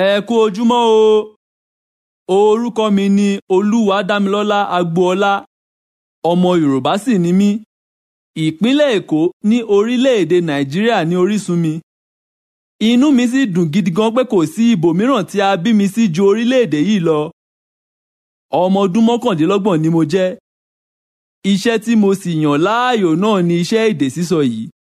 ẹ kú ojúmọ́ o orúkọ mi ni olúwadámilọ́lá agboola ọmọ yorùbá sì ni mí ìpínlẹ̀ èkó ní orílẹ̀-èdè nàìjíríà ní orísun mi inú mi sì dùn gidi gan pé kò sí ibòmíràn tí a bí mi sí ju orílẹ̀-èdè yìí lọ ọmọ ọdún mọ́kàndínlọ́gbọ̀n ni mo jẹ́ iṣẹ́ tí mo sì yàn láàyò náà ni iṣẹ́ èdè sísọ yìí